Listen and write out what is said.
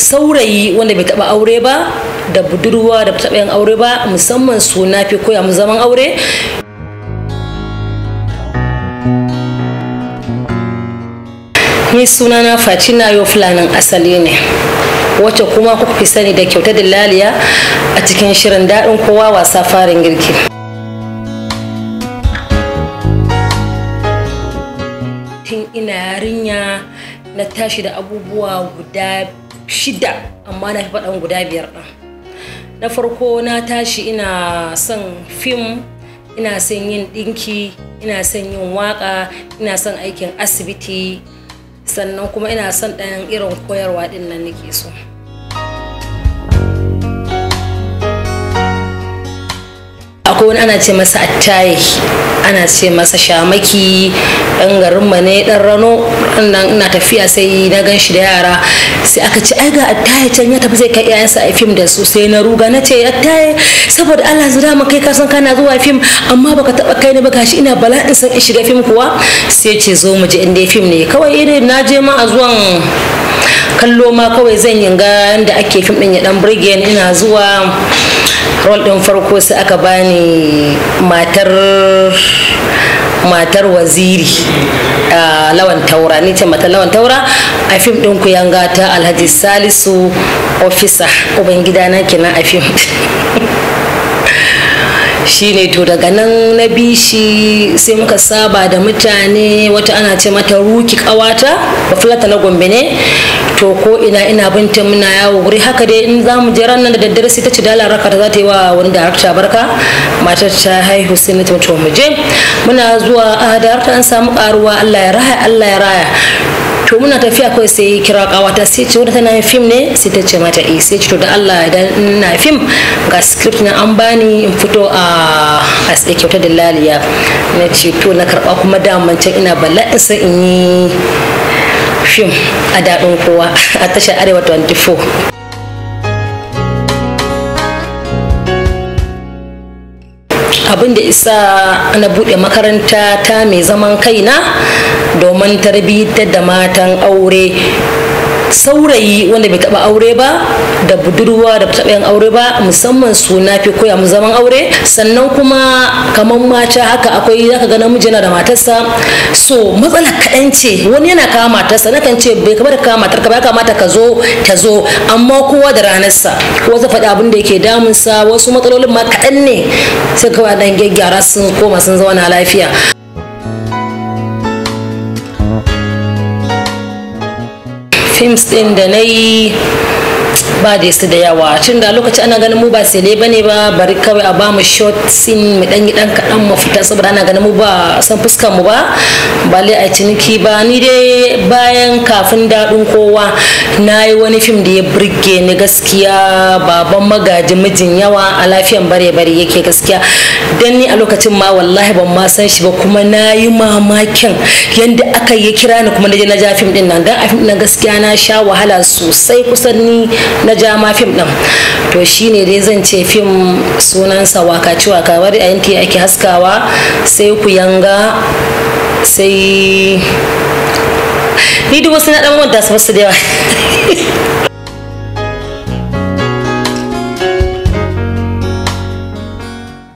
saurayi wanda bai taba aure ba da budurwa da taba yin aure ba musamman suna fi koya mu zaman aure ni suna na faci na yau fulanin asali ne wacce kuma kuka fi sani da kyauta da laliya a cikin shirin daɗin kowa wasa farin girki tun ina yarinya na tashi da abubuwa guda shida amma na fi faɗan guda biyar ɗin na farko na tashi ina son fim ina son yin ɗinki ina son yin waƙa ina son aikin asibiti sannan kuma ina son ɗan irin koyarwa ɗin nan nake so akwai wani ana ce masa attaye ana ce masa shamaki dan garin ma ne dan rano nan ina tafiya sai na gan shi da yara sai aka ce ai ga attaye can ya tafi zai kai yayansa a fim da su sai na ruga na ce attaye saboda Allah zai da kai ka san kana zuwa fim amma baka taba kai ni ba gashi ina bala'in san in shiga fim kuwa sai ce zo mu je inda fim ne kawai irin eh, na je ma a zuwan kallo ma kawai zan yi ga yanda ake fim din ya dan burge ina zuwa rol ɗin farko sai aka bani matar matar waziri a ah, lawan taura ni ce mata lawan taura a fim ɗin ku yanga ta alhaji salisu ofisa ubangida na kenan a fim shine to daga nan na bi shi sai muka saba da mutane wata ana ce mata ruki kawata fulata na gombe ne to ko ina ina binta muna yawo wuri haka dai in za mu je ranar da daddare sai ta ci dala raka za ta yi wa wani darakta barka matar ta haihu sai na to mu je muna zuwa a ah, darakta an samu karuwa Allah ya raya Allah ya raya to muna tafiya kawai sai kira kawata sai ce wata tana fim ne sai ta ce mata eh sai ce to da Allah idan ina fim ga script na an bani in fito a as a kyauta da laliya na ce to na karba kuma daman can ina bala'in sai in yi fim a daɗin kowa a tashar arewa 24 abin da isa na buɗe makaranta ta mai zaman kaina domin tarbiyyar da matan aure saurayi wanda bai taba aure ba da budurwa da taba yin aure ba musamman su na fi koya mu zaman aure sannan kuma kamar mata haka akwai zaka ga namiji yana da matarsa so matsala kaɗan ce wani yana kawo matarsa na kan ce bai kamata kawo matarka ba ya kamata ka zo ta zo amma kowa da ranarsa wasu faɗi abin da yake damunsa wasu matsalolin ma kaɗan ne sai kawai dan gyaggyara sun koma sun zauna lafiya himself in the name ba da su da yawa tun da lokaci ana ganin mu ba sele ne ba bari kawai a bamu short sin mu dan yi dan kadan mu fita saboda ana ganin mu ba san fuskar mu ba bale a ciniki ba ni dai bayan kafin dadin kowa na yi wani fim da ya burge ni gaskiya baban magaji mijin yawa a lafiyan bare bare yake gaskiya dan ni a lokacin ma wallahi ban ma san shi ba kuma na yi mamakin yanda aka yi kira ni kuma na je na ja fim din nan dan a fim din gaskiya na sha wahala sosai kusan ni na jama fim din to shine dai zan ce fim sunansa waka ci waka wani a yanki ake haskawa sai ku yanga sai ni duk wasu na dan wanda su da yawa